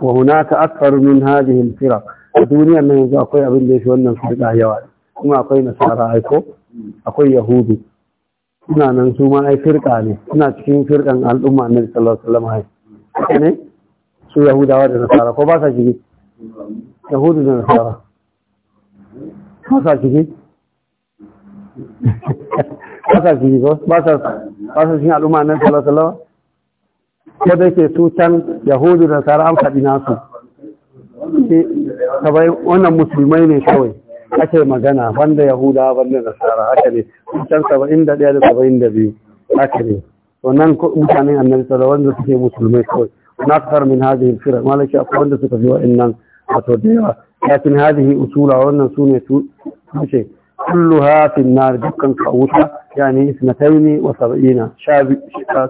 wa hunaka akthar min hadhihi al a duniyar nan yanzu akwai abin da ya fi wannan firqa yawa kuma akwai nasara aiko akwai yahudu suna nan su ma ai firƙa ne suna cikin firqan al'umma na sallallahu alaihi wasallam ne su yahudawa da nasara ko ba sa shige yahudu da nasara ba sa shige ba sa shige ba sa ba sa shige al'umma nan salasalawa alaihi ko da su can yahudu da nasara an faɗi nasu kabai wannan musulmai ne kawai ake magana banda yahudawa banda nasara haka ne can saba'in da ɗaya da saba'in da biyu haka ne ونكون نحن أن نتذوق نفسي مسلمين كوي من هذه الفرق ما لك أقول نفسك فيها إنن أتوديها لكن هذه أصول أولنا سوني شيء كلها في النار دقا قوتها يعني اثنتين وسبعين شاب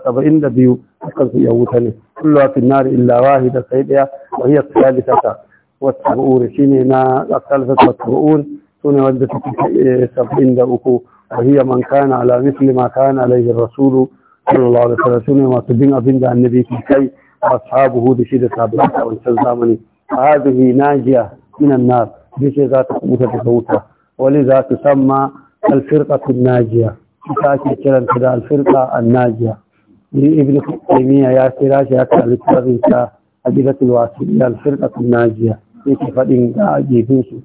سبعين دبيو دقا قوتها كلها في النار إلا واحدة سيدها وهي الثالثة والسبعون شيني نا الثالثة والسبعون سوني ودت إيه، سبعين دبيو وهي من كان على مثل ما كان عليه الرسول sallallahu alaihi wasallam sune masu bin abin da annabi ke kai ashabuhu da shi da sabbin a wancan zamani hadhihi najiya minan nar dace za ta kubuta ta wuta wani za ta samma alfirqatun najiya ke kiran kiranta da alfirqa annajiya ni ibnu taymiya ya kira shi haka alfirqatun ta abidatul wasiliyya alfirqatun najiya yake fadin ga gefin su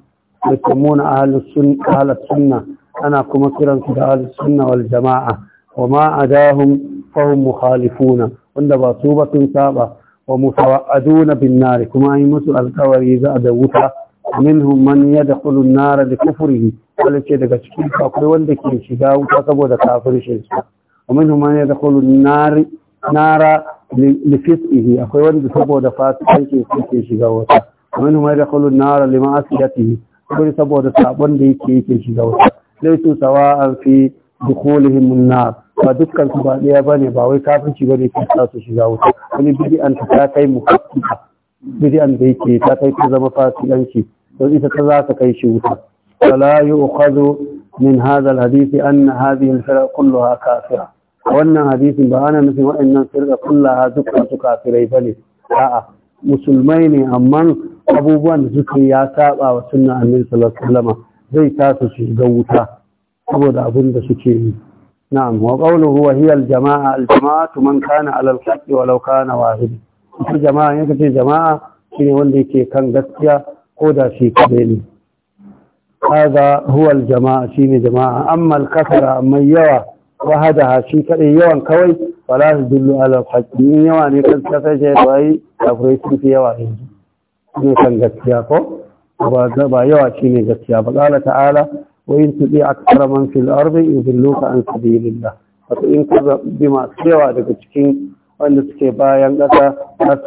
yasmuna ahlus sunna ana kuma kiransu da ahlus sunna wal jama'a wa ma adahum fahum mukhalifuna wanda ba su ba sun saba wa mutawa'aduna bin nar kuma yi musu alkawari za da wuta minhum man yadkhulu an-nar li kufrihi wala ce daga cikin akwai wanda ke shiga wuta saboda kafircin su wa minhum man ya da nar nara li fisqihi akwai wanda saboda fasikanci su ke shiga wuta wa minhum man yadkhulu an-nar li ma'asiyatihi akwai saboda sabon da yake yake shiga wuta laitu a fi dukulihim nar ba dukkan su ba daya bane ba wai kafirci bane ke sa su shiga wuta wani bid'an ta kai mu hakika bid'an da yake ta kai ta zama fasikanci don ita ta za ta kai shi wuta fala yu'khadhu min hadha alhadith anna hadhihi alfirqa kulluha kafira wannan hadisin ba ana nufin waɗannan firqa kullaha dukkan su kafirai ne. a'a musulmai ne amma abubuwan da suka ya saba wa sunna annabi sallallahu alaihi wasallam zai tasu su shiga wuta saboda abin da suke yi na'am wa qawluhu wa hiya al-jama'a al-jama'atu man kana 'ala al-haqqi wa law kana wahid jama'a yanka ce jama'a shine wanda yake kan gaskiya ko da shi kadai ne hada huwa al-jama'a shine jama'a amma al-kasara amma yawa wahadaha shi kadai yawan kawai wala yadullu 'ala al-haqqi yawa ne kan sai sai bai kafirai sun fi yawa yanzu ne kan gaskiya ko ba yawa shine gaskiya ba qala ta'ala وإن تبيع أكثر من في الأرض يضلوك عن سبيل الله وإن كذب بما سوى لك تشكين وإن تشكي بايا لك لا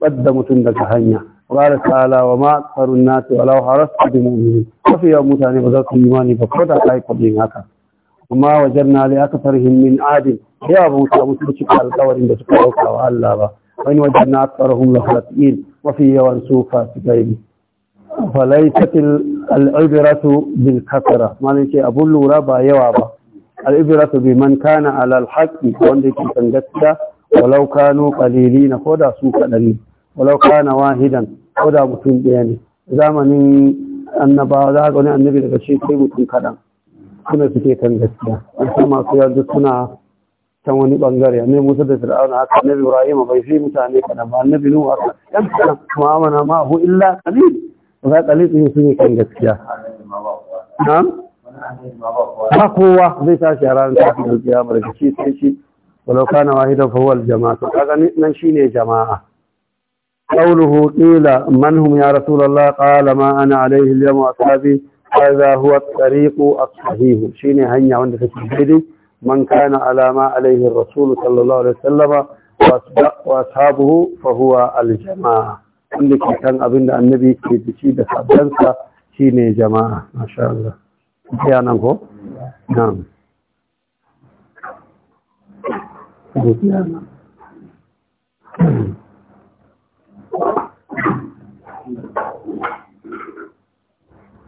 تقدم تندك هنيا وقال تعالى وما أكثر الناس ولو حرصت بمؤمنين وفي يوم متعني بذلك إيماني فقد أي قبل هكا وما وجدنا لأكثرهم من عاد يا أبو سامو تشكي القوار إن تشكي الله وإن وجدنا أكثرهم لخلطين وفي يوم سوفا سكيني falaitatil al’ibiratu bin kakara mana ke abin lura ba yawa ba Al'ubiratu bi man kana alal haƙi wanda ke kan gaskiya walau kano ƙalili na ko da su kaɗani walau kana wahidan ko da mutum ɗaya ne zamanin annaba za ga wani annabi daga shi sai mutum kaɗan suna suke kan gaskiya wasu masu yanzu suna can wani bangare ne musa da fir'auna haka annabi ibrahim bai fi mutane kaɗan ba annabi nuhu haka yan kaɗan ma'amana ma hu illa kalili za ka litsi su ne kan gaskiya kowa zai tashi a ranar tafi da gaskiya ba daga cikin shi wadda kana wahi da fawal nan shi ne jama'a qawluhu qila man hum ya rasulullah qala ana alayhi al yawma ashabi huwa at tariqu as shine hanya wanda take daidai man kana ala ma alayhi ar rasul sallallahu alaihi wa ashabuhu fa huwa al jama'a wanda ke kan abin da annabi ke da shi da sabbansa shine jama'a masha Allah ya nan ko na'am Thank you.